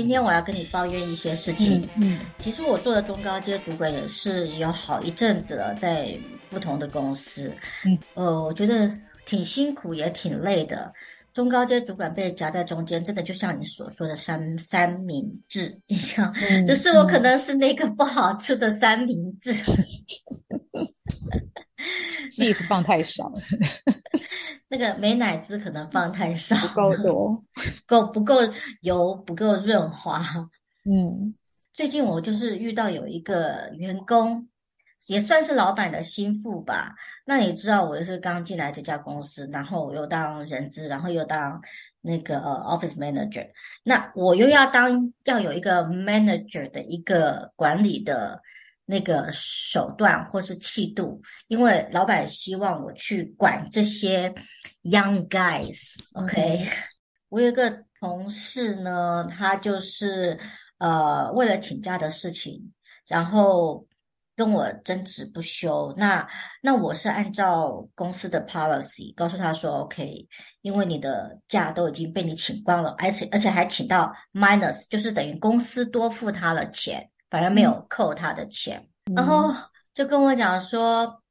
今天我要跟你抱怨一些事情。嗯，嗯，其實我做的中高階主管也是有好一陣子了，在不同的公司。嗯，呃，我覺得挺辛苦，也挺累的。中高階主管被夾在中間，真的就像你所說的三三明治一樣，只、嗯，就是我可能是那個不好吃的三明治，例子、嗯嗯、 放太少了。 那個美乃滋可能放太少，不夠多，夠，不夠油，不夠潤滑。嗯，最近我就是遇到有一個員工，也算是老闆的心腹吧。那你知道我就是剛進來這家公司，然後我又當人資，然後又當那個 office manager，那我又要當，要有一個 manager 的一個管理的。那個手段或是氣度，因為老闆希望我去管這些 young guys，okay？OK，我有一個同事呢，他就是呃為了請假的事情，然後跟我爭執不休。那那我是按照公司的 policy 告訴他說 OK，因為你的假都已經被你請光了，而且而且還請到 minus，就是等於公司多付他的錢。反正沒有扣他的錢。嗯，然後就跟我講說，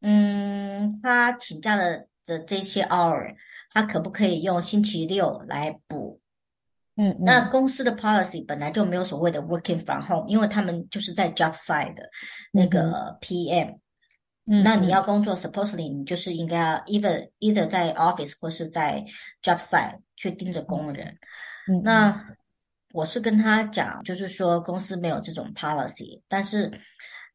嗯，他請假了的這些 hour，他可不可以用星期六來補嗯嗯，那公司的 policy 本來就沒有所謂的 working from home，因為他們就是在 job site 的那個 PM，嗯，嗯，那你要工作，嗯嗯，supposedly，你就是應該要 either, either 在 office 或是在 job site 去盯着工人，嗯嗯、那。我是跟他講，就是說公司沒有這種 policy，但是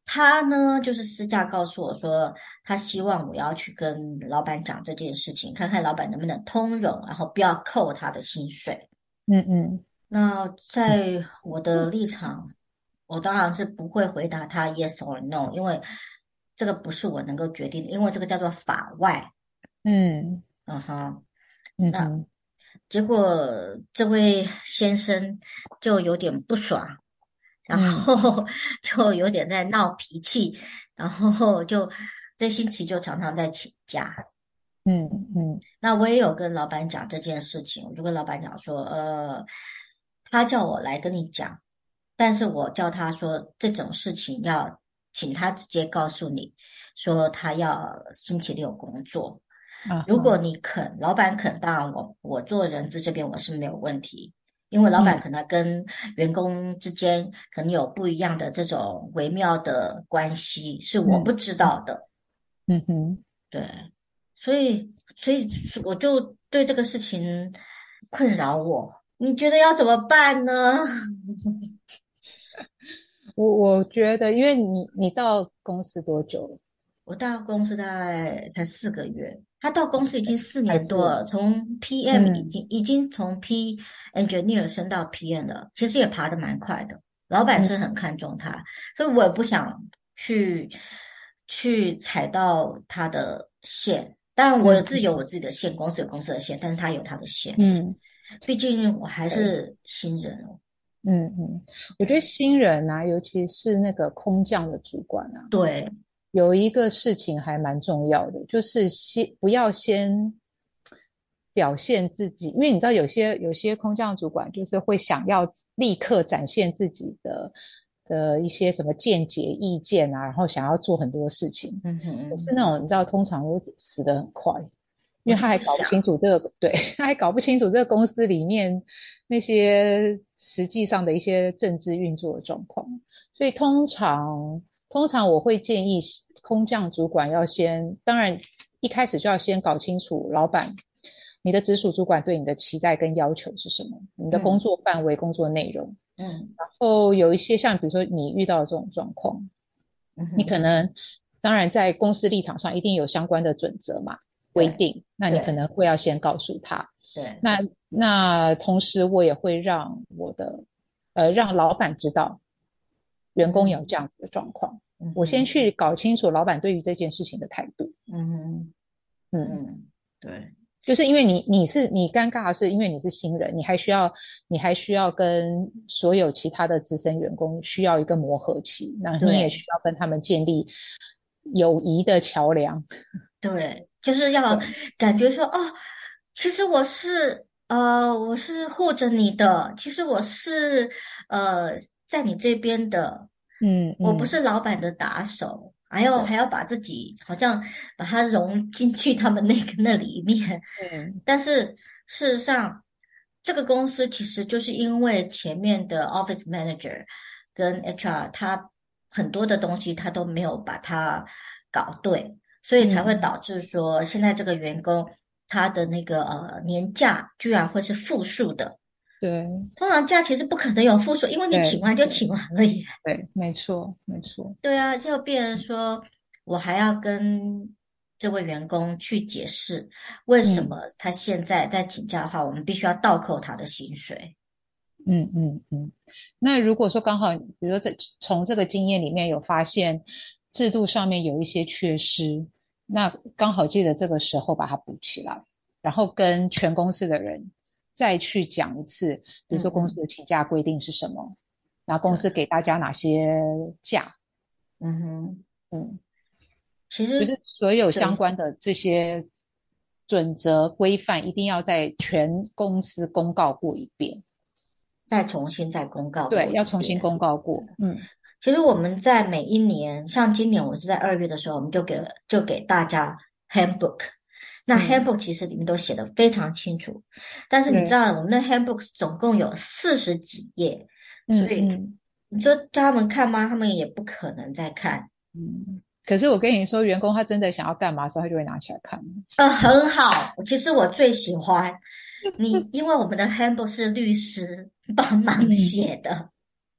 他呢，就是私下告訴我說，他希望我要去跟老闆講這件事情，看看老闆能不能通融，然後不要扣他的薪水。嗯嗯，那在我的立場，嗯、我當然是不會回答他 yes or no，因為這個不是我能夠決定的，因為這個叫做法外。嗯，uh-huh、嗯好嗯，那。結果這位先生就有點不爽，嗯，然後就有點在鬧脾氣，然後就這星期就常常在請假。嗯嗯，那我也有跟老闆講這件事情，我就跟老闆講說，呃，他叫我來跟你講，但是我叫他說這種事情要請他直接告訴你，說他要星期六工作。Uh -huh. 如果你肯，老板肯，當然我我做人資這邊我是沒有問題，因為老板可能跟員工之間可能有不一樣的這種微妙的關係，uh -huh. 是我不知道的。嗯哼，對，所以所以我就對這個事情困擾我，你覺得要怎麼辦呢？ 我我覺得，因為你你到公司多久了？我到公司大概才四個月，他到公司已經四年多了，哎、太多了。從 PM 已經、嗯、已經從 P engineer 升到 PM 了，其實也爬得蠻快的。老闆是很看重他、嗯，所以我也不想去去踩到他的線，當然我有自己有我自己的線、嗯，公司有公司的線，但是他有他的線。嗯，畢竟我還是新人哦。嗯嗯，我覺得新人啊，尤其是那個空降的主管啊，對。有一個事情還蠻重要的，就是先不要先表現自己，因為你知道有些有些空降主管就是會想要立刻展現自己的的一些什麼見解意見啊，然後想要做很多事情，嗯哼是那種你知道通常都死得很快，因為他還搞不清楚這個， 對，他還搞不清楚這個公司裡面那些實際上的一些政治運作的狀況，所以通常。通常我會建議空降主管要先，當然一開始就要先搞清楚老闆、你的直屬主管對你的期待跟要求是什麼，你的工作範圍、嗯、工作內容，嗯，然後有一些像比如說你遇到這種狀況，嗯、你可能當然在公司立場上一定有相關的準則嘛規定、嗯，那你可能會要先告訴他，對、嗯，那那同時我也會讓我的呃讓老闆知道、呃、讓老闆知道員工有這樣子的狀況。嗯我先去搞清楚老闆對於這件事情的態度。嗯嗯嗯，對，嗯，就是因為你你是你尷尬，是因為你是新人，你還需要你還需要跟所有其他的資深員工需要一個磨合期，那你也需要跟他們建立友誼的橋梁。對，就是要感覺說哦，其實我是呃，我是護着你的，其實我是呃，在你這邊的。嗯，嗯，我不是老闆的打手，嗯，還要還要把自己好像把它融進去他們那個那裡面。嗯，但是事實上，嗯，這個公司其實就是因為前面的 office manager 跟 HR 他很多的東西他都沒有把它搞對，所以才會導致說現在這個員工他的那個呃年假居然會是負數的。對，通常假期是不可能有負數，因為你請完就請完了耶。對，沒錯，沒錯。對啊，就變成說，我還要跟這位員工去解釋，為什麼他現在在請假的話，嗯、我們必須要倒扣他的薪水。嗯嗯嗯。那如果說剛好，比如說在從這個經驗裡面有發現制度上面有一些缺失，那剛好記得這個時候把它補起來，然後跟全公司的人。再去講一次，比如說公司的請假規定是什麼？嗯嗯、然後公司給大家哪些假，嗯哼，嗯，其實、就是、所有相關的這些準則規範，一定要在全公司公告過一遍，再重新再公告過，對，要重新公告過。嗯，其實我們在每一年，像今年我是在二月的時候，我們就給就給大家 handbook。那 handbook 其實裡面都寫的非常清楚，嗯，但是你知道我們的 handbook 總共有四十幾頁，嗯，所以你說叫他們看嗎？他們也不可能再看。嗯，可是我跟你說，員工他真的想要幹嘛的時候，他就會拿起來看。呃，很好，其實我最喜歡 你，因為我們的 handbook 是律師幫忙寫的。嗯。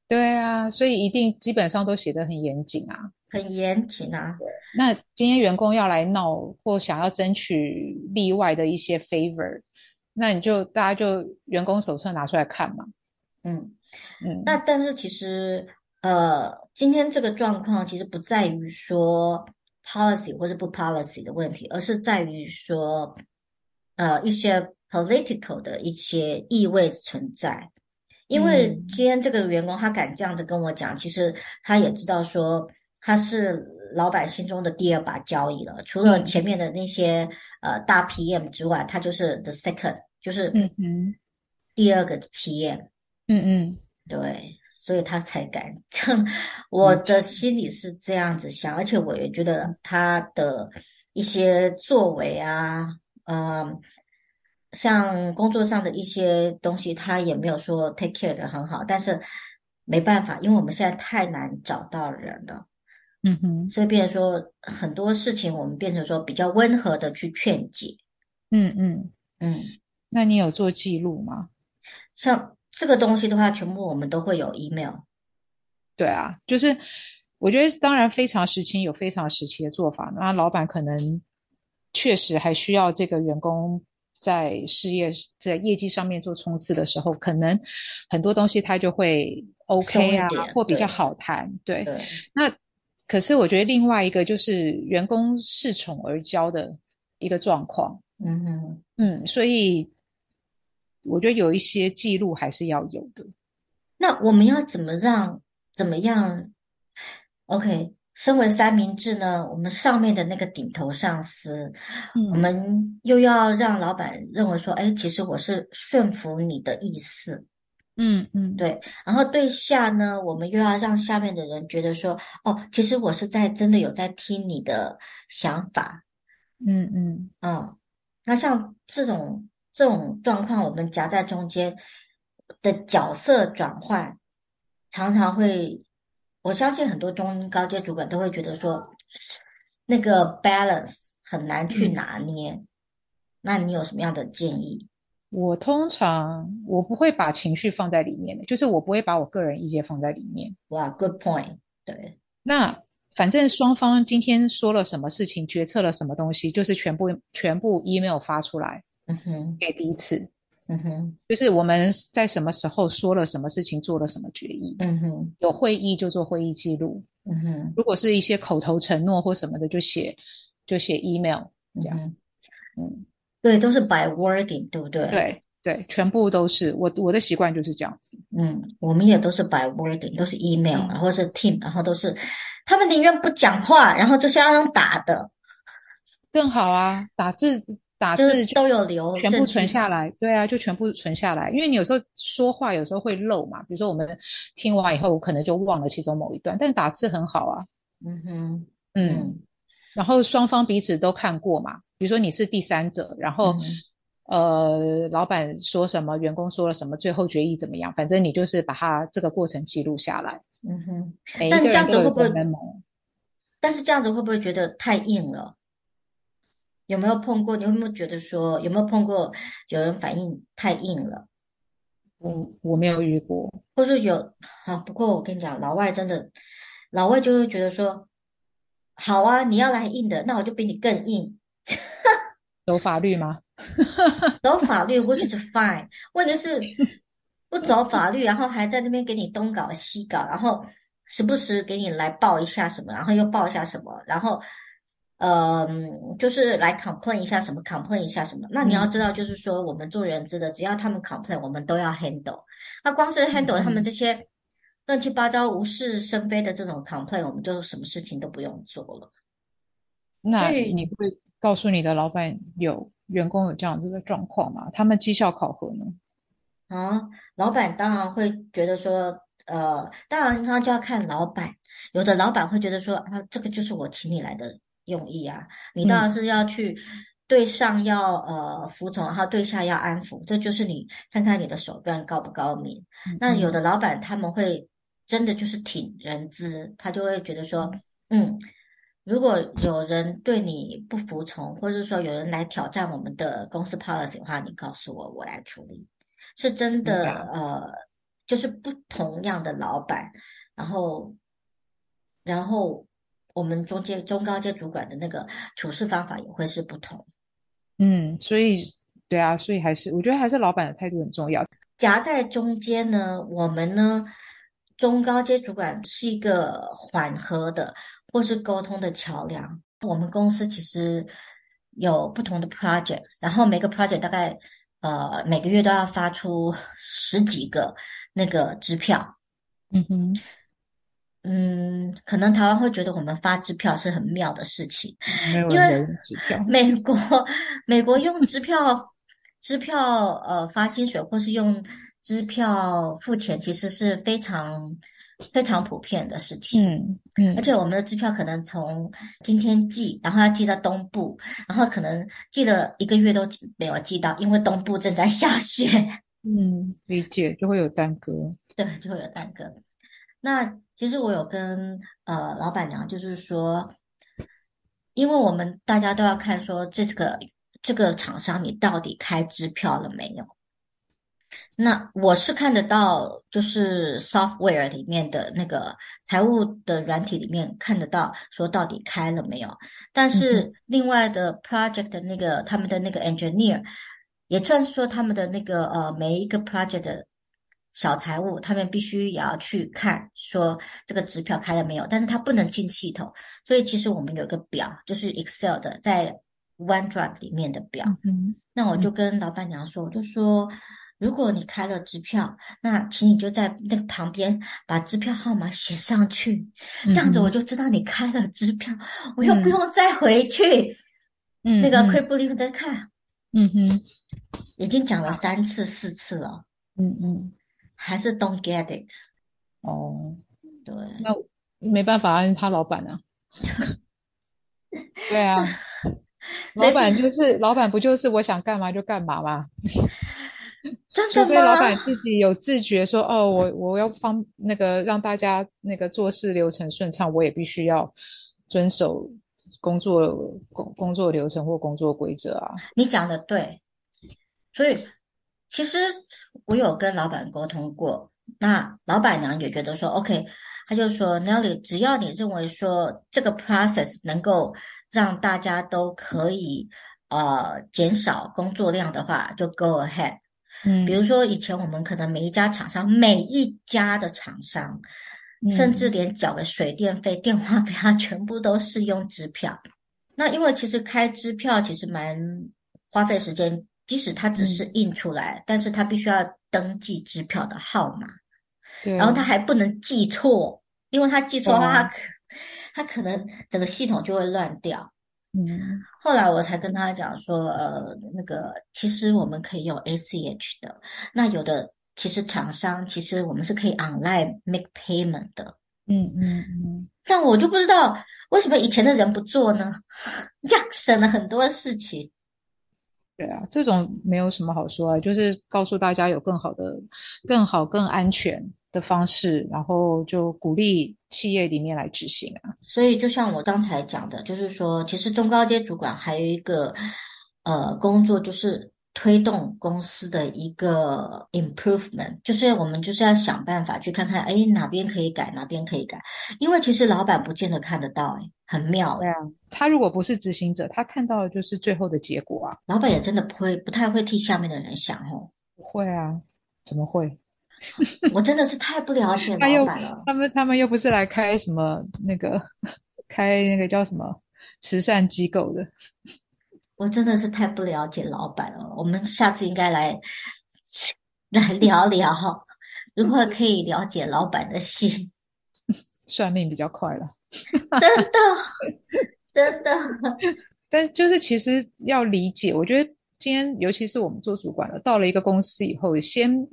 對啊，所以一定基本上都寫得很嚴謹啊，很嚴謹啊。那今天員工要來鬧或想要爭取例外的一些 favor，那你就大家就員工手冊拿出來看嘛。嗯嗯。那但是其實呃，今天這個狀況其實不在於說 policy 或是不 policy 的問題，而是在於說呃一些 political 的一些意味存在。因為今天這個員工他敢這樣子跟我講，嗯，其實他也知道說他是老闆心中的第二把交椅了，嗯，除了前面的那些呃大 PM 之外，他就是 the second，就是嗯嗯第二個 PM，嗯嗯對，所以他才敢。嗯嗯 我的心裡是這樣子想，而且我也覺得他的一些作為啊，嗯。像工作上的一些東西，他也沒有說 take care 得很好，但是沒辦法，因為我們現在太難找到人了。嗯哼，所以變成說很多事情，我們變成說比較溫和的去勸解。嗯嗯嗯，嗯。那你有做記錄嗎？像這個東西的話，全部我們都會有 email。對啊，就是我覺得當然非常時期有非常時期的做法，那老闆可能確實還需要這個員工。在事業在業績上面做衝刺的時候，可能很多東西他就會 OK 啊，或比較好談。對，那可是我覺得另外一個就是員工恃寵而驕的一個狀況。嗯哼，嗯，所以我覺得有一些記錄還是要有的。那我們要怎麼讓怎麼樣？OK。身為三明治呢，我們上面的那個頂頭上司，嗯，我們又要讓老闆認為說，哎，其實我是順服你的意思，嗯嗯，對。然後對下呢，我們又要讓下面的人覺得說，哦，其實我是在真的有在聽你的想法，嗯嗯啊，嗯。那像這種這種狀況，我們夾在中間的角色轉換，常常會。我相信很多中高階主管都會覺得說，那個 balance 很難去拿捏。嗯、那你有什麼樣的建議？我通常我不會把情緒放在裡面的，就是我不會把我個人意見放在裡面。哇、wow，good point。對，那反正雙方今天說了什麼事情，決策了什麼東西，就是全部全部 email 發出來，嗯哼，給彼此。嗯哼，就是我們在什麼時候說了什麼事情，做了什麼決議。嗯哼，有會議就做會議記錄。嗯哼，如果是一些口頭承諾或什麼的，就寫就寫 email 這樣。Mm -hmm. 嗯，對，都是 by wording，對不對？對對，全部都是我我的習慣就是這樣子。嗯，我們也都是 by wording，都是 email，然後是 team，然後都是他們寧願不講話，然後就是用打的更好啊，打字。打字都有留，全部存下來，就是。對啊，就全部存下來，因為你有時候說話有時候會漏嘛。比如說我們聽完以後，我可能就忘了其中某一段，但打字很好啊。嗯哼，嗯。嗯，然後雙方彼此都看過嘛。比如說你是第三者，然後、嗯、呃，老闆說什麼，員工說了什麼，最後決議怎麼樣，反正你就是把它這個過程記錄下來。嗯哼。但這樣子會不會？但是這樣子會不會覺得太硬了？有沒有碰過？你會不會覺得說有沒有碰過？有人反應太硬了。我我沒有遇過，或是有，好。不過我跟你講，老外真的，老外就會覺得說，好啊，你要來硬的，那我就比你更硬。 走法律嗎？ 走法律過去是 fine，問題是不走法律，然後還在那邊給你東搞西搞，然後時不時給你來報一下什麼，然後又報一下什麼，然後。嗯、呃，就是來 complain 一下什麼、 嗯就是、complain 一下什麼。那你要知道，就是說我們做人資的，只要他們 complain，我們都要 handle。那光是 handle 他們這些亂七八糟、嗯、無事生非的這種 complain，我們就什麼事情都不用做了。那你會告訴你的老闆有員工有這樣子的狀況嗎？他們績效考核呢？啊、嗯，老闆當然會覺得說，呃，當然他就要看老闆。有的老闆會覺得說，啊，這個就是我請你來的。用意啊，你當然是要去對上要、嗯、呃服從，然後對下要安撫，這就是你看看你的手段高不高明、嗯。那有的老板他們會真的就是挺仁慈，他就會覺得說，嗯，如果有人對你不服從，或者說有人來挑戰我們的公司 policy 的話，你告訴我，我來處理。是真的、嗯、呃，就是不同樣的老板，然後然後。我們中間中高階主管的那個處事方法也會是不同，嗯，所以對啊，所以還是我覺得還是老闆的態度很重要。夾在中間呢，我們呢中高階主管是一個緩和的或是溝通的橋樑。我們公司其實有不同的 project，然後每個 project 大概呃每個月都要發出十幾個那個支票，嗯哼。嗯，可能台灣會覺得我們發支票是很妙的事情，因為美國美國用支票支票呃發薪水或是用支票付錢，其實是非常非常普遍的事情。嗯嗯，而且我們的支票可能從今天寄，然後要寄到東部，然後可能寄了一個月都沒有寄到，因為東部正在下雪。嗯，理解，就會有耽擱。對，就會有耽擱。那其實我有跟呃老闆娘，就是說，因為我們大家都要看說這個這個廠商你到底開支票了沒有？那我是看得到，就是 software 裡面的那個財務的軟體裡面看得到說到底開了沒有？但是另外的 project 的那個他們的那個 engineer 也算是說他們的那個呃每一個 project 的。小財務他們必須也要去看，說這個支票開了沒有，但是他不能進系統，所以其實我們有一個表，就是 Excel 的，在 OneDrive 裡面的表。嗯，那我就跟老板娘說，我就說，如果你開了支票，那請你就在那個旁邊把支票號碼寫上去，這樣子我就知道你開了支票，嗯，我又不用再回去，嗯，那個會計部裡面再看。嗯哼，已經講了三次四次了。嗯嗯。還是 don't get it，哦，對，那沒辦法啊，他老闆啊， 對啊， 老闆就是 老闆，不就是我想幹嘛就幹嘛嗎？ 真的嗎？除非老板自己有自覺說，說哦，我我要幫那個讓大家那個做事流程順暢，我也必須要遵守工作工工作流程或工作規則啊。你講的對，所以。其實我有跟老闆溝通過，那老闆娘也覺得說 OK，她就說 Nelly，只要你認為說這個 process 能夠讓大家都可以呃減少工作量的話，就 go ahead。嗯，比如說以前我們可能每一家廠商、嗯、每一家的廠商，嗯、甚至連繳個水電費、電話費，它全部都是用支票。那因為其實開支票其實蠻花費時間。即使他只是印出來，嗯、但是他必須要登記支票的號碼、嗯，然後他還不能記錯，因為他記錯的話，他、嗯、可、啊、他可能整個系統就會亂掉。嗯，後來我才跟他講說，呃，那個其實我們可以用 ACH 的，那有的其實廠商其實我們是可以 online make payment 的。嗯嗯嗯。嗯，但我就不知道為什麼以前的人不做呢？呀， 省了很多事情。對啊，這種沒有什麼好說啊，就是告訴大家有更好的、更好、更安全的方式，然後就鼓勵企業裡面來執行啊。所以就像我剛才講的，就是說，其實中高階主管還有一個呃工作就是，推動公司的一個 improvement，就是我們就是要想辦法去看看，哎，哪邊可以改，哪邊可以改，因為其實老闆不見得看得到，很妙。對啊，他如果不是執行者，他看到的就是最後的結果啊。老闆也真的不會，不太會替下面的人想，哦。不會啊，怎麼會？我真的是太不了解老闆了。 他，他們，他們又不是來開什麼那個，開那個叫什麼慈善機構的。我真的是太不了解老闆了，我們下次應該來來聊聊，如何可以了解老闆的心？算命比較快了，真 的真的。真的 但就是其實要理解，我覺得今天尤其是我們做主管的，到了一個公司以後，先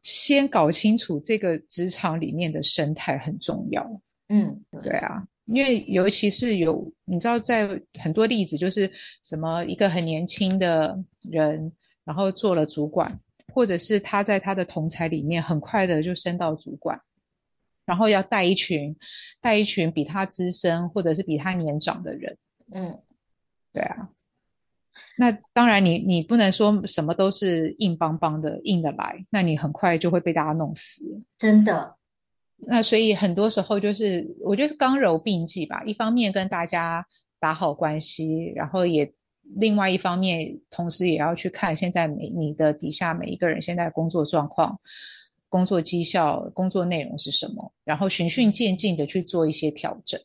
先搞清楚這個職場裡面的生態很重要。嗯，對啊。因為尤其是有，你知道，在很多例子，就是什麼一個很年輕的人，然後做了主管，或者是他在他的同儕裡面很快的就升到主管，然後要帶一群，帶一群比他資深或者是比他年長的人，嗯，對啊，那當然你你不能說什麼都是硬邦邦的，硬的來，那你很快就會被大家弄死，真的。那所以很多時候就是，我覺得是剛柔並濟吧。一方面跟大家打好關係，然後也另外一方面，同時也要去看現在每你的底下每一個人現在工作狀況、工作績效、工作內容是什麼，然後循序漸進的去做一些調整。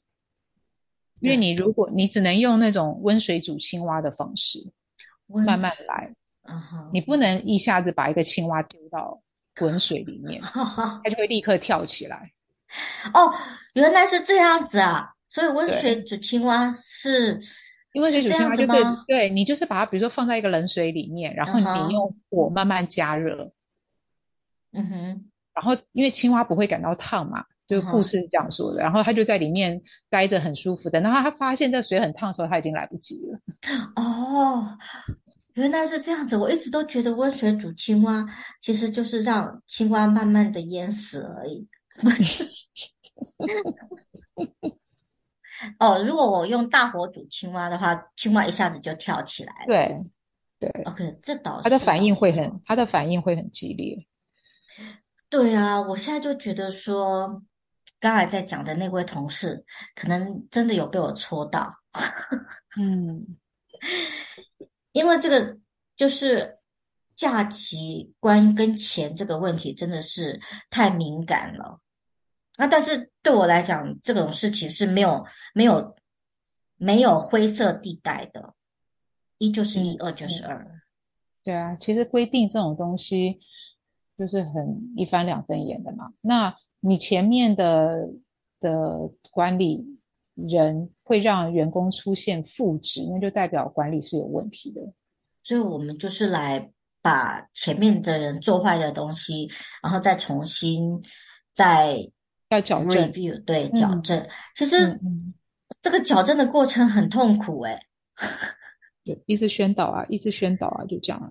Yeah. 因為你如果你只能用那種溫水煮青蛙的方式，慢慢來，Uh-huh. 你不能一下子把一個青蛙丟到滾水裡面，它、 哦、就會立刻跳起來。哦，原來是這樣子啊！所以溫水煮青蛙是，因為水煮青蛙就會是對你就是把它比如說放在一個冷水裡面，然後你用火慢慢加熱。嗯哼，然後因為青蛙不會感到燙嘛，就故事是這樣說的。Uh -huh. 然後它就在裡面待着很舒服的，等到它發現這水很燙的時候，它已經來不及了。哦、oh.。原來是這樣子，我一直都覺得溫水煮青蛙其實就是讓青蛙慢慢的淹死而已。 哦，如果我用大火煮青蛙的話，青蛙一下子就跳起來了。對，對。OK，這倒是。他的反應會很，他的反應會很激烈。對啊，我現在就覺得說，剛才在講的那位同事，可能真的有被我戳到。 嗯。因為這個就是假期關跟錢這個問題，真的是太敏感了。那但是對我來講，這種事情是沒有、沒有、沒有灰色地帶的，一就是一，嗯，二就是二。嗯嗯。對啊，其實規定這種東西就是很一翻兩瞪眼的嘛。那你前面的的管理。人會讓員工出現負值，那就代表管理是有問題的。所以，我們就是來把前面的人做壞的東西，嗯、然後再重新再要矯正。對、嗯，矯正。其實、嗯、這個矯正的過程很痛苦、欸，誒。就一直宣導啊，一直宣導啊，就這樣。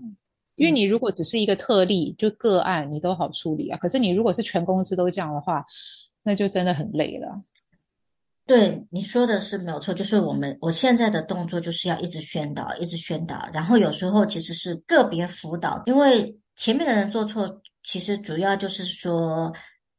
因為你如果只是一個特例，就個案，你都好處理啊。可是你如果是全公司都這樣的話，那就真的很累了。對，你說的是沒有錯，就是我們我現在的動作就是要一直宣導，一直宣導，然後有時候其實是個別輔導，因為前面的人做錯，其實主要就是說，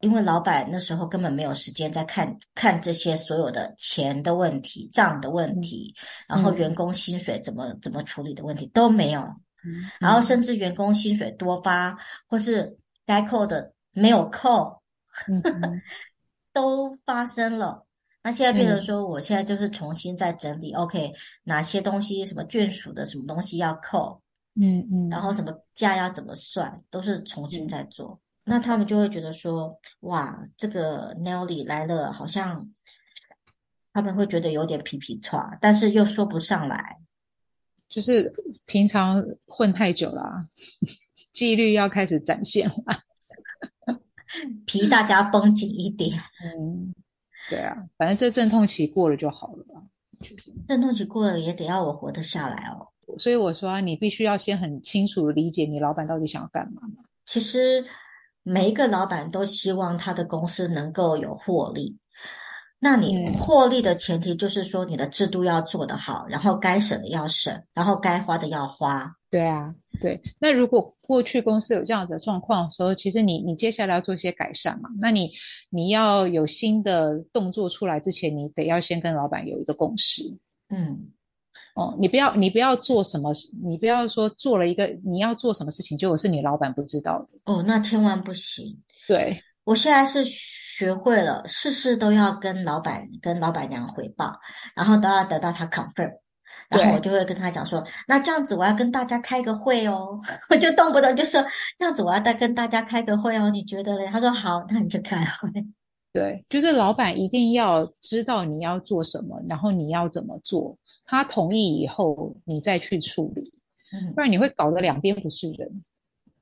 因為老板那時候根本沒有時間在看看這些所有的錢的問題、賬的問題、嗯、然後員工薪水怎麼怎麼處理的問題都沒有、嗯，然後甚至員工薪水多發或是該扣的沒有扣，嗯、 都發生了。那現在變成說，我現在就是重新在整理、嗯、OK，哪些東西什麼眷屬的什麼東西要扣，嗯嗯，然後什麼價要怎麼算，都是重新在做。嗯、那他們就會覺得說，哇，這個 Nelly 來了，好像他們會覺得有點皮皮剉，但是又說不上來，就是平常混太久了，啊，紀律要開始展現了， 皮大家繃緊一點，嗯。對啊，反正這陣痛期過了就好了吧。陣痛期過了也得要我活得下來哦。所以我說啊，你必須要先很清楚的理解你老板到底想要幹嘛？其實每一個老板都希望他的公司能夠有獲利。那你獲利的前提就是說你的制度要做得好，嗯，然後該省的要省，然後該花的要花。對啊，對，那如果過去公司有這樣子的狀況的時候，其實你你接下來要做一些改善嘛。那你你要有新的動作出來之前，你得要先跟老闆有一個共識。嗯，哦，你不要你不要做什麼，你不要說做了一個你要做什麼事情，結果是你老闆不知道的。哦，那千萬不行。對，我現在是學會了，事事都要跟老闆跟老闆娘回報，然後都要得到他 confirm。然後我就會跟他講說，那這樣子我要跟大家開個會哦， 我就動不動就說這樣子我要再跟大家開個會哦，你覺得嘞？他說好，那你就開會。對，就是老闆一定要知道你要做什麼，然後你要怎麼做，他同意以後你再去處理，嗯、不然你會搞得兩邊不是人。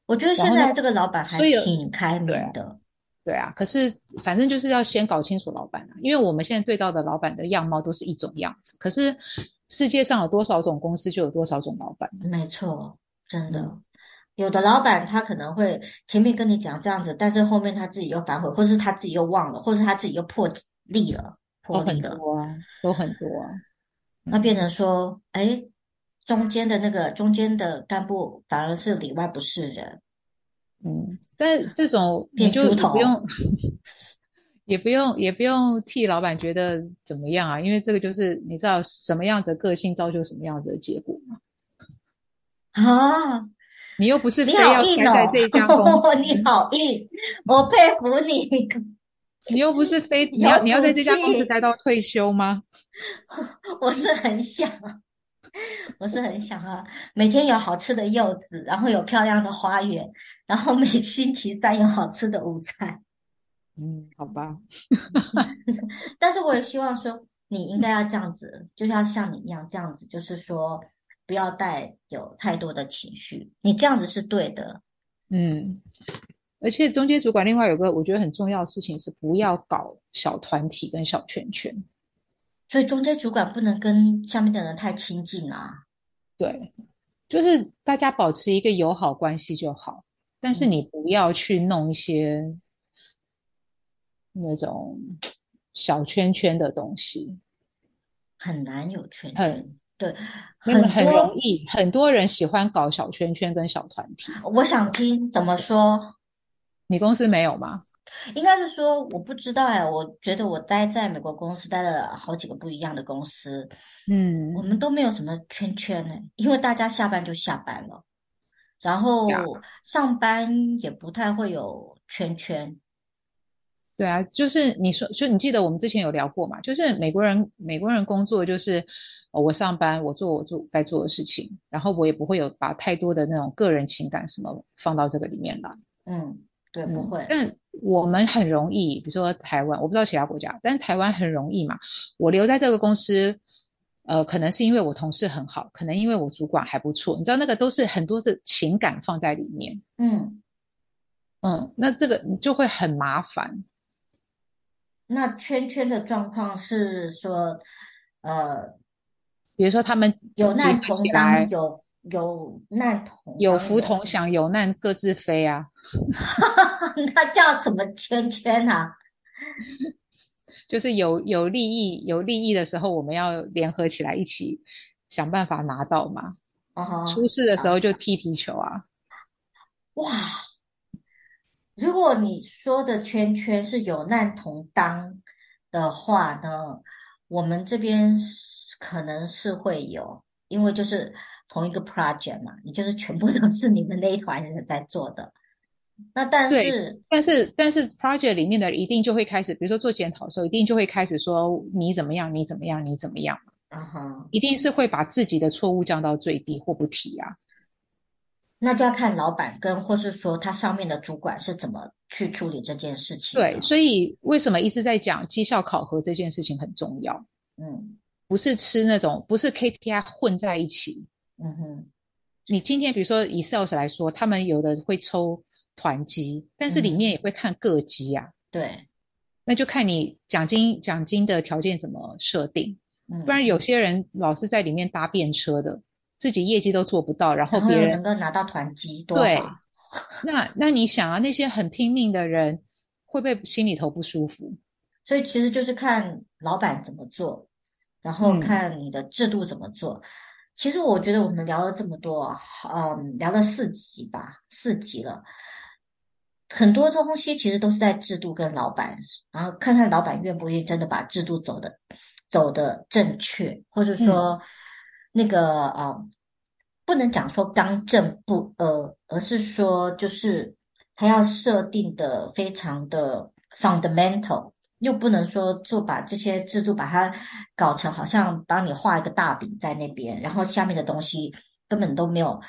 我覺得現在這個老闆還挺開明的對、啊。對啊，可是反正就是要先搞清楚老闆啊，因為我們現在對到的老闆的樣貌都是一種樣子，可是。世界上有多少種公司，就有多少種老闆。沒錯，真的，有的老闆他可能會前面跟你講這樣子，但是後面他自己又反悔，或是他自己又忘了，或是他自己又破例了，破了都很多、啊，有很多、啊嗯。那變成說，哎、欸，中間的那個中間的幹部反而是裡外不是人。嗯，但這種變豬頭你就不用。 也不用也不用替老闆覺得怎麼樣啊，因為這個就是你知道什麼樣子的個性造就什麼樣子的結果嗎？啊，你又不是非你好硬哦，哦，你好硬，我佩服你。你又不是非你要你要在這家公司待到退休嗎？我是很想，我是很想啊，每天有好吃的柚子，然後有漂亮的花園，然後每星期三有好吃的午餐。嗯，好吧， 但是我也希望說，你應該要這樣子， 就像像你一樣這樣子，就是說不要帶有太多的情緒。你這樣子是對的，嗯。而且中階主管另外有個我覺得很重要的事情是，不要搞小團體跟小圈圈，所以中階主管不能跟下面的人太親近啊。對，就是大家保持一個友好關係就好，嗯、但是你不要去弄一些。那種小圈圈的東西很難有圈圈。對，很多很容易，很多人喜歡搞小圈圈跟小團體。我想聽怎麼說？你公司沒有嗎？應該是說我不知道欸，我覺得我待在美國公司待了好幾個不一樣的公司，嗯，我們都沒有什麼圈圈欸，因為大家下班就下班了，然後上班也不太會有圈圈。對啊，就是你說，就你記得我們之前有聊過嘛？就是美國人，美國人工作就是、哦、我上班，我做我做我該做的事情，然後我也不會有把太多的那種個人情感什麼放到這個裡面了。嗯，對，不會、嗯。但我們很容易，比如說台灣，我不知道其他國家，但台灣很容易嘛。我留在這個公司，呃，可能是因為我同事很好，可能因為我主管還不錯，你知道那個都是很多是情感放在裡面。嗯嗯，那這個你就會很麻煩。那圈圈的狀況是說，呃，比如說他們來有難同當有，有有難同當有，有福同享，有難各自飛啊。 那叫什麼圈圈呢、啊？就是有有利益，有利益的時候我們要聯合起來一起想辦法拿到嘛。哦、出事的時候就踢皮球啊。哇。如果你說的圈圈是有難同當的話呢，我們這邊可能是會有，因為就是同一個 project 嘛，你就是全部都是你們那一團人在做的。那但是但是但是 project 裡面的一定就會開始，比如說做檢討的時候，一定就會開始說你怎麼樣，你怎麼樣，你怎麼樣。啊哈！一定是會把自己的錯誤降到最低或不提啊。那就要看老闆跟，或是說他上面的主管是怎麼去處理這件事情。對，所以為什麼一直在講績效考核這件事情很重要？嗯，不是吃那種，不是 KPI 混在一起。嗯哼，你今天比如說以 Sales 來說，他們有的會抽團績，但是裡面也會看個績啊。嗯。對，那就看你獎金獎金的條件怎麼設定。嗯，不然有些人老是在裡面搭便車的。自己業績都做不到，然後別人，然後能夠拿到團級，對，那那你想啊，那些很拼命的人，會不會心裡頭不舒服？ 所以其實就是看老闆怎麼做，然後看你的制度怎麼做。嗯。其實我覺得我們聊了這麼多，嗯，聊了四集吧，四集了。很多東西其實都是在制度跟老闆，然後看看老闆願不願意真的把制度走的走的正確，或是說。嗯那個啊、哦，不能講說剛正不呃，而是說就是他要設定的非常的 fundamental，又不能說做把這些制度把它搞成好像幫你畫一個大餅在那邊，然後下面的東西根本都沒有，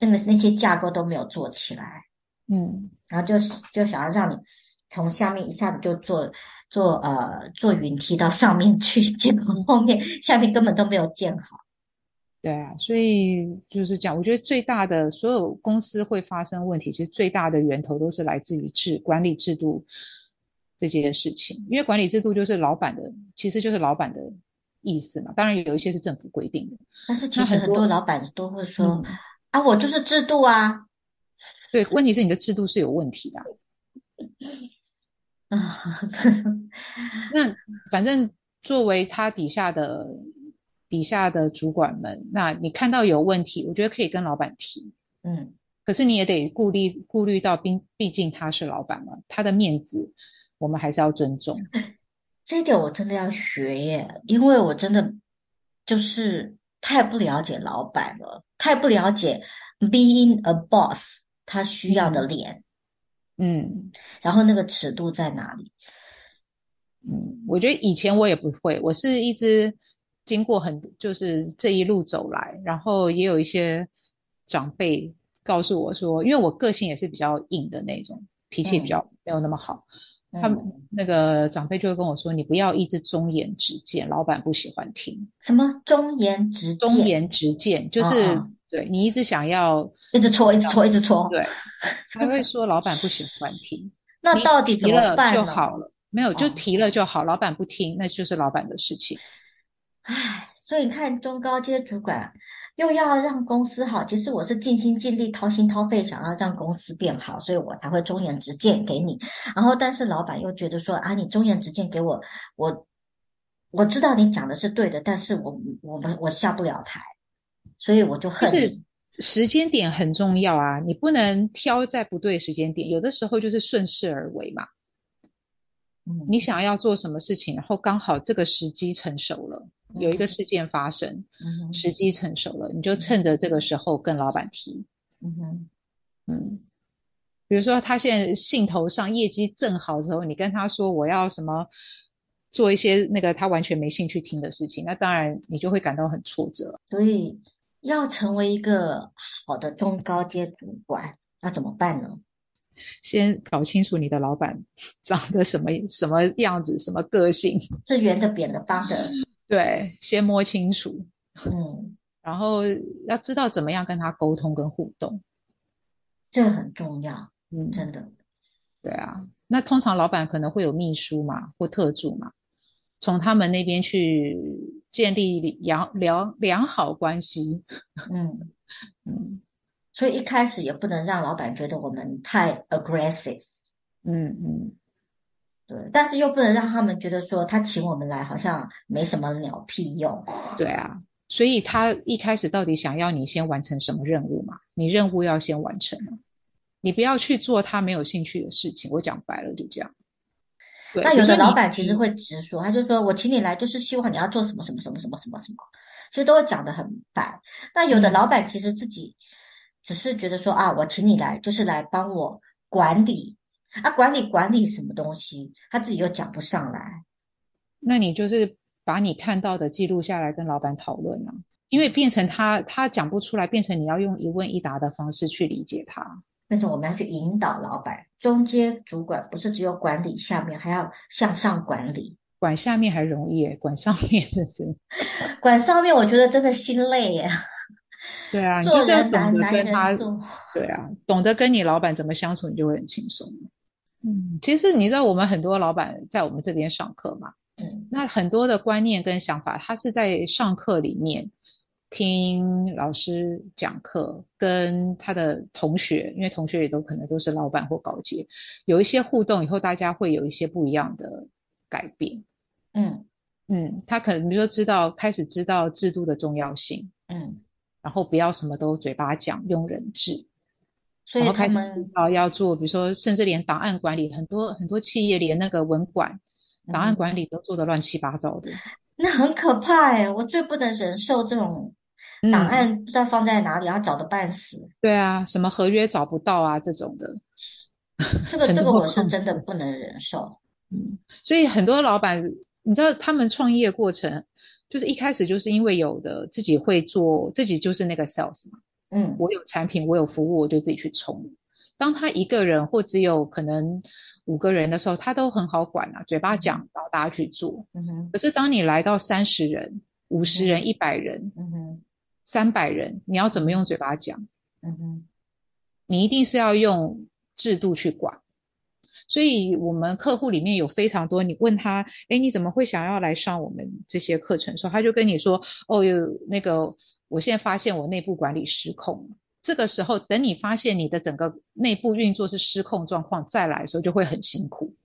那個那些架構都沒有做起來，嗯，然後就就想要讓你從下面一下子就做做呃做雲梯到上面去，結果後面下面根本都沒有建好。對啊，所以就是講，我覺得最大的所有公司會發生問題，其實最大的源頭都是來自於制管理制度這些事情，因為管理制度就是老板的，其實就是老板的意思嘛。當然有一些是政府規定的，但是其實很多，很多老板都會說，嗯，啊，我就是制度啊。對，問題是你的制度是有問題的啊。 那反正作為他底下的。底下的主管們，那你看到有問題，我覺得可以跟老板提，嗯，可是你也得顧慮顧慮到，畢畢竟他是老板嘛，他的面子我們還是要尊重。這點我真的要學耶，因為我真的就是太不了解老板了，太不了解 being a boss 他需要的臉，嗯，嗯，然後那個尺度在哪裡？嗯，我覺得以前我也不會，我是一直經過很就是這一路走來，然後也有一些長輩告訴我說，因為我個性也是比較硬的那種，脾氣比較沒有那麼好。嗯、他們那個長輩就會跟我說：“你不要一直忠言直諫，老板不喜歡聽。”什麼忠言直諫忠言直諫就是、哦、對你一直想要一直戳，一直戳，一直戳。對，他會說老板不喜歡聽。 那到底怎麼辦？提了就好了，沒有就提了就好、哦。老板不聽，那就是老板的事情。唉，所以你看，中高階主管又要讓公司好。其實我是盡心盡力、掏心掏肺，想要讓公司變好，所以我才會忠言直諫給你。然後，但是老闆又覺得說啊，你忠言直諫給我，我我知道你講的是對的，但是我我們我下不了台，所以我就恨你。就是時間點很重要啊，你不能挑在不對時間點。有的時候就是順勢而為嘛，嗯，你想要做什麼事情，然後剛好這個時機成熟了。有一個事件發生，okay. mm -hmm. 時機成熟了，你就趁着這個時候跟老闆提。嗯哼，嗯，比如說他現在興頭上，業績正好的時候，你跟他說我要什麼，做一些那個他完全沒興趣聽的事情，那當然你就會感到很挫折。所以要成為一個好的中高階主管，那怎麼辦呢？先搞清楚你的老闆長得什麼什麼樣子，什麼個性，是圓的、扁的、方的。對，先摸清楚，嗯，然後要知道怎麼樣跟他溝通跟互動，這很重要，嗯，真的，對啊，那通常老板可能會有秘書嘛，或特助嘛，從他們那邊去建立良良良好關係，嗯嗯，所以一開始也不能讓老板覺得我們太 aggressive，嗯嗯。嗯對，但是又不能讓他們覺得說他請我們來好像沒什麼鳥屁用。對啊，所以他一開始到底想要你先完成什麼任務嘛？你任務要先完成了，你不要去做他沒有興趣的事情。我講白了就這樣。那有的老闆其實會直說他，他就說我請你來就是希望你要做什麼什麼什麼什麼什麼什麼，什麼，其實都會講得很白。那有的老闆其實自己只是覺得說啊，我請你來就是來幫我管理。啊，管理管理什麼東西，他自己又講不上來。那你就是把你看到的記錄下來，跟老闆討論了，啊。因為變成他他講不出來，變成你要用一問一答的方式去理解他。變成我們要去引導老闆，中階主管不是只有管理下面，還要向上管理。管下面還容易，管上面真是，是。 管上面我覺得真的心累呀。對啊，你就是要懂得跟他。對啊，懂得跟你老闆怎麼相處，你就會很輕鬆。嗯，其實你知道我們很多老板在我們這邊上課嘛？嗯，那很多的觀念跟想法，他是在上課裡面聽老師講課，跟他的同學，因為同學也都可能都是老板或高階，有一些互動以後，大家會有一些不一樣的改變。嗯嗯，他可能比如說知道開始知道制度的重要性，嗯，然後不要什麼都嘴巴講，用人治。所以他們啊要做，比如說，甚至連檔案管理，很多很多企業連那個文管、嗯、檔案管理都做得亂七八糟的，那很可怕哎，我最不能忍受這種檔案不知道放在哪裡，要、嗯、找的半死。對啊，什麼合約找不到啊，這種的，這個這個我是真的不能忍受。嗯，所以很多老闆，你知道他們創業過程，就是一開始就是因為有的自己會做，自己就是那個 sales 嘛。嗯，我有產品，我有服務，我就自己去衝。當他一個人或只有可能五個人的時候，他都很好管啊，嘴巴講，然後大家去做。嗯哼。可是當你來到三十人、五十人、一百人、嗯哼、三百人，你要怎麼用嘴巴講？嗯哼，你一定是要用制度去管。所以我們客戶裡面有非常多，你問他，誒，你怎麼會想要來上我們這些課程？的時候他就跟你說，哦，有那個。我現在發現我內部管理失控了。這個時候，等你發現你的整個內部運作是失控狀況再來的時候，就會很辛苦，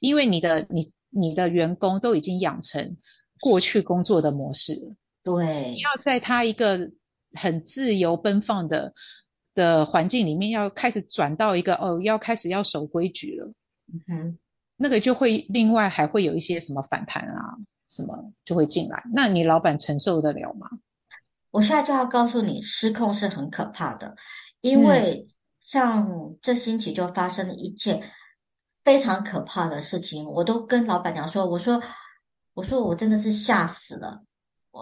因為你的你你的員工都已經養成過去工作的模式了。對，你要在他一個很自由奔放的的環境裡面，要開始轉到一個哦，要開始要守規矩了。嗯哼，那個就會另外還會有一些什麼反彈啊，什麼就會進來。那你老闆承受得了嗎？我現在就要告訴你，失控是很可怕的，因為像這星期就發生了一件非常可怕的事情。我都跟老闆娘說，我說，我說我真的是嚇死了，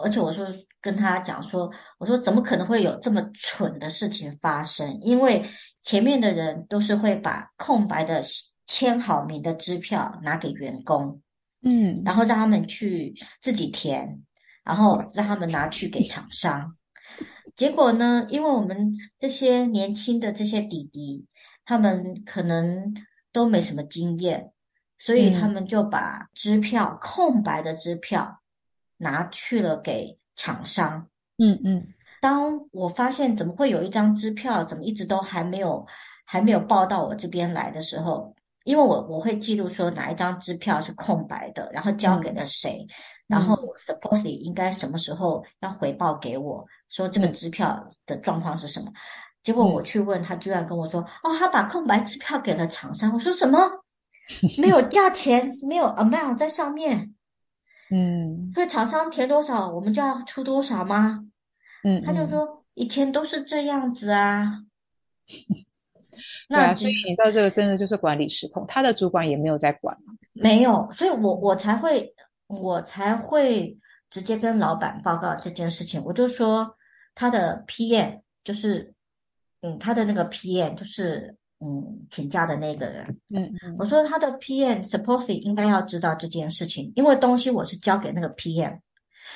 而且我說跟他講說，我說怎麼可能會有這麼蠢的事情發生？因為前面的人都是會把空白的簽好名的支票拿給員工，嗯，然後讓他們去自己填。然後讓他們拿去給廠商，結果呢？因為我們這些年輕的這些弟弟，他們可能都沒什麼經驗，所以他們就把支票，空白的支票，拿去了給廠商。嗯嗯。當我發現怎麼會有一張支票，怎麼一直都還沒有，還沒有報到我這邊來的時候，因為我我會記錄說哪一張支票是空白的，然後交給了誰，嗯、然後 supposedly、嗯、應該什麼時候要回報給我，說這個支票的狀況是什麼。嗯、結果我去問他，居然跟我說、嗯：“哦，他把空白支票給了廠商。”我說：“什麼？沒有價錢， 沒有 amount 在上面。”嗯，所以廠商填多少，我們就要出多少嗎？嗯，嗯他就說以前都是這樣子啊。 那、啊、所以你到這個真的就是管理失控，他的主管也沒有在管。沒有，所以我我才會我才會直接跟老板報告這件事情。我就說他的 PM 就是嗯，他的那個 PM 就是嗯請假的那個人。嗯，我說他的 PM suppose 應該要知道這件事情，因為東西我是交給那個 PM，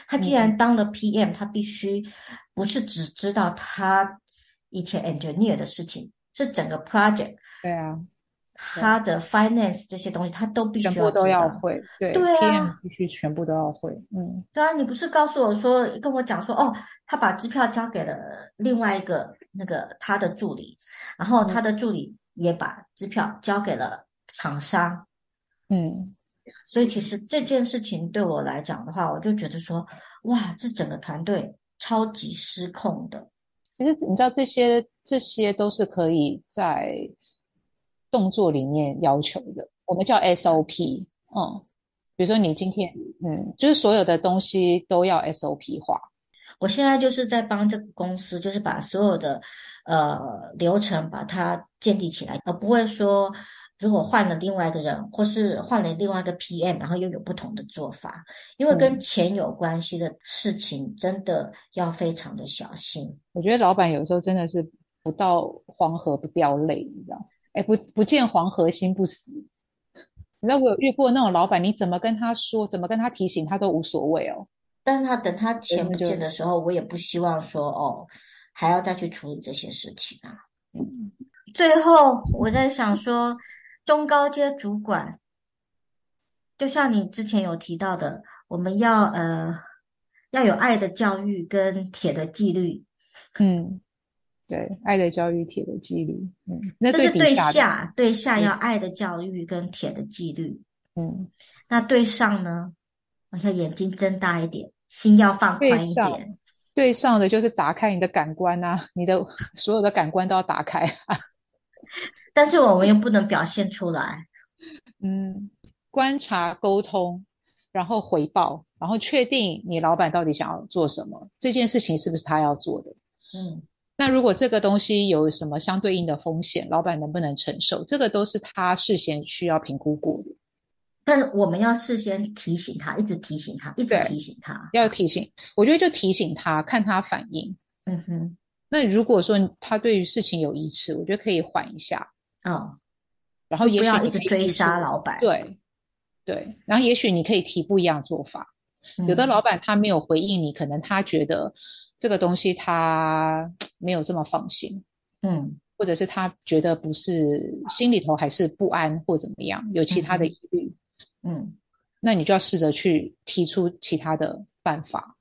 他既然當了 PM，、嗯、他必須不是只知道他以前 engineer 的事情。是整個 project，對啊對，他的 finance 這些東西他都必須要知道，全部都要會，對對啊，必須全部都要會，嗯，對啊，你不是告訴我說跟我講說哦，他把支票交給了另外一個那個他的助理，然後他的助理也把支票交給了廠商，嗯，所以其實這件事情對我來講的話，我就覺得說，哇，這整個團隊超級失控的。其實你知道，這些這些都是可以在動作裡面要求的，我們叫 SOP。嗯，比如說你今天，嗯，就是所有的東西都要 SOP 化。我現在就是在幫這個公司，就是把所有的呃流程把它建立起來，而不會說。如果換了另外一個人，或是換了另外一個 PM，然後又有不同的做法，因為跟錢有關係的事情，嗯、真的要非常的小心。我覺得老闆有時候真的是不到黃河不掉淚，你知道嗎？哎，不不見黃河心不死。你知道我有遇過那種老闆，你怎麼跟他說，怎麼跟他提醒，他都無所謂哦。但是他等他錢不見的時候，哎、我也不希望說哦，還要再去處理這些事情啊。嗯，最後我在想說。中高階主管，就像你之前有提到的，我們要呃要有愛的教育跟鐵的紀律。嗯，對，愛的教育，鐵的紀律。嗯，這是對下，對下要愛的教育跟鐵的紀律。嗯，那對上呢？好像眼睛睜大一點，心要放寬一點。對上，對上的就是打開你的感官啊，你的所有的感官都要打開啊。 但是我們又不能表現出來，嗯，觀察、溝通，然後回報，然後確定你老闆到底想要做什麼，這件事情是不是他要做的？嗯，那如果這個東西有什麼相對應的風險，老闆能不能承受？這個都是他事先需要評估過的。但我們要事先提醒他，一直提醒他，一直提醒他，要提醒。我覺得就提醒他，看他反應。嗯哼，那如果說他對於事情有疑慮，我覺得可以緩一下。嗯，然後也不要一直追殺老闆。對，對。然後也許你可以提不一樣做法。嗯。有的老闆他沒有回應你，可能他覺得這個東西他沒有這麼放心，嗯，或者是他覺得不是心裡頭還是不安或怎麼樣，有其他的疑慮。嗯，嗯，那你就要試着去提出其他的辦法。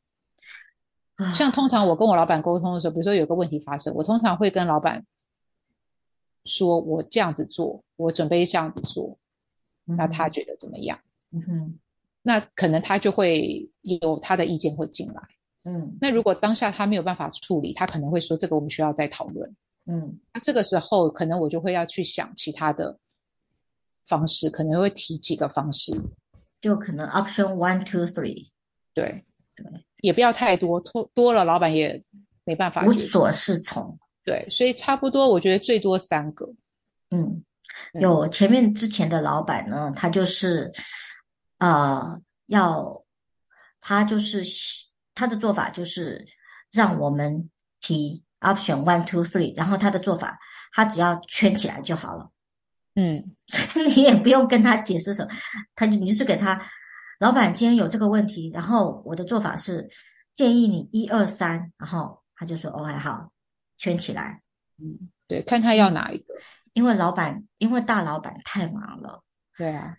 嗯。像通常我跟我老闆溝通的時候，比如說有個問題發生，我通常會跟老闆。說我這樣子做，我準備這樣子做，嗯，那他覺得怎麼樣？嗯哼，那可能他就會有他的意見會進來。嗯，那如果當下他沒有辦法處理，他可能會說，這個我們需要再討論。嗯，那這個時候可能我就會要去想其他的方式，可能會提幾個方式，就可能 option one, two, three。對對，也不要太多，多，多了老闆也沒辦法，無所適從。嗯對，所以差不多，我覺得最多三個。嗯，有前面之前的老闆呢，他就是，呃，要他就是他的做法就是讓我們提 option one two three，然後他的做法，他只要圈起來就好了。嗯， 你也不用跟他解釋什麼，他就你就是給他老闆今天有這個問題，然後我的做法是建議你一二三，然後他就說 OK、哦、好。圈起來，嗯，對，看他要哪一個。因為老闆，因為大老闆太忙了。對啊。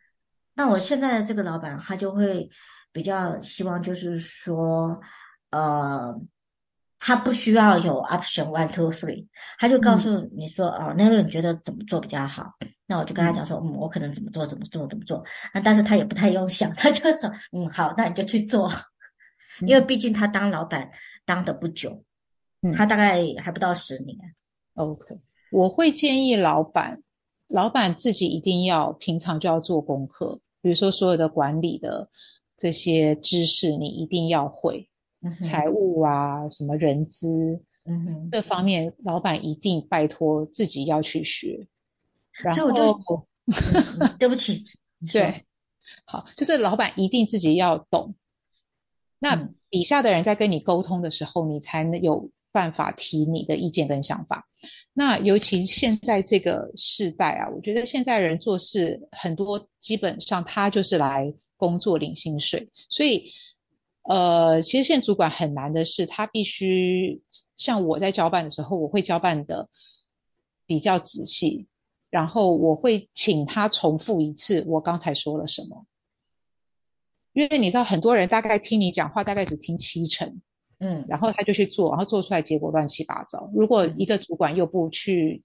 那我現在的這個老闆，他就會比較希望，就是說，呃，他不需要有 option one two three，他就告訴你說，嗯、哦，那個你覺得怎麼做比較好？那我就跟他講說，嗯，嗯我可能怎麼做，怎麼做，怎麼做。那、啊、但是他也不太用想，他就說，嗯，好，那你就去做。 因為畢竟他當老闆當得不久。他大概還不到十年、嗯。OK，我會建議老闆，老闆自己一定要平常就要做功課，比如說所有的管理的這些知識，你一定要會、嗯。財務啊，什麼人資、嗯，這方面老闆一定拜託自己要去學。嗯、然後我就、嗯嗯、對不起， 對，好，就是老闆一定自己要懂。那底下的人在跟你溝通的時候，你才能有。辦法提你的意見跟想法。那尤其現在這個世代啊，我覺得現在人做事很多，基本上他就是來工作領薪水。所以，呃，其實現主管很難的是，他必須像我在交辦的時候，我會交辦得比較仔細，然後我會請他重複一次我剛才說了什麼，因為你知道，很多人大概聽你講話大概只聽七成。嗯，然後他就去做，然後做出來結果亂七八糟。如果一個主管又不去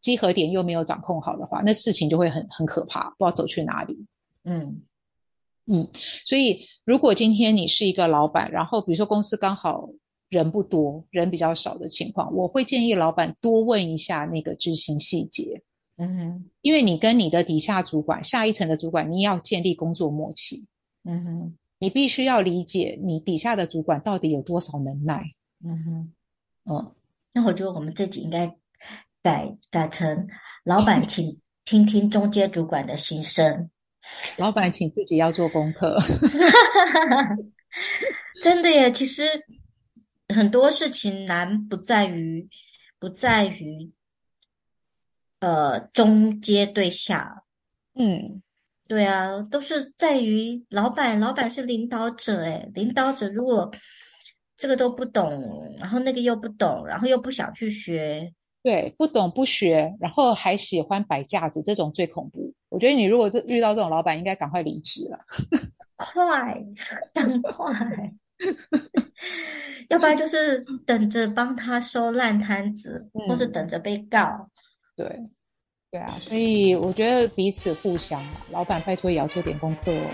集合點，又沒有掌控好的話，那事情就會很很可怕，不知道走去哪裡。嗯嗯，所以如果今天你是一個老闆，然後比如說公司剛好人不多，人比較少的情況，我會建議老闆多問一下那個執行細節。嗯哼，因為你跟你的底下主管、下一層的主管，你要建立工作默契。嗯哼。你必須要理解你底下的主管到底有多少能耐。嗯哼，哦、嗯，那我覺得我們自己應該改改成老闆請，請、嗯、聽聽中階主管的心聲。老闆，請自己要做功課。 真的耶，其實很多事情難不在於不在於，呃，中階對象。嗯。對啊，都是在於老闆，老闆是領導者，誒，領導者如果這個都不懂，然後那個又不懂，然後又不想去學，對，不懂不學，然後還喜歡擺架子，這種最恐怖。我覺得你如果遇到這種老闆，應該趕快離職了， 快，趕但快， 要不然就是等着幫他收爛攤子、嗯，或是等着被告，對。對啊，所以我覺得彼此互相、啊，老闆拜託也要做點功課哦。